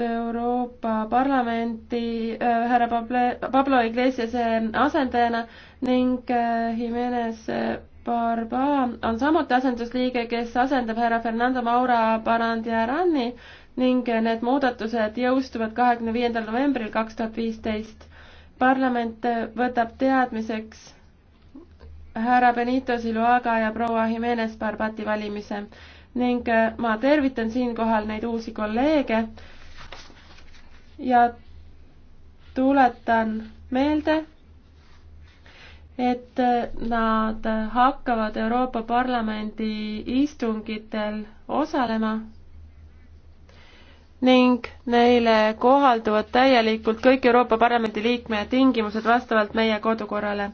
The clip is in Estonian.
Euroopa Parlamenti äh, härra Pablo, Pablo Iglesiase asendajana ning äh, Jimenez Barba on samuti asendusliige, kes asendab härra Fernando Maura Barandiarani ning need muudatused jõustuvad kahekümne viiendal novembril kaks tuhat viisteist. parlament võtab teadmiseks härra Benito Siluaga ja proua Jimenez Barbati valimise ning äh, ma tervitan siinkohal neid uusi kolleege ja tuletan meelde, et nad hakkavad Euroopa Parlamendi istungitel osalema ning neile kohalduvad täielikult kõik Euroopa Parlamendi liikme tingimused vastavalt meie kodukorrale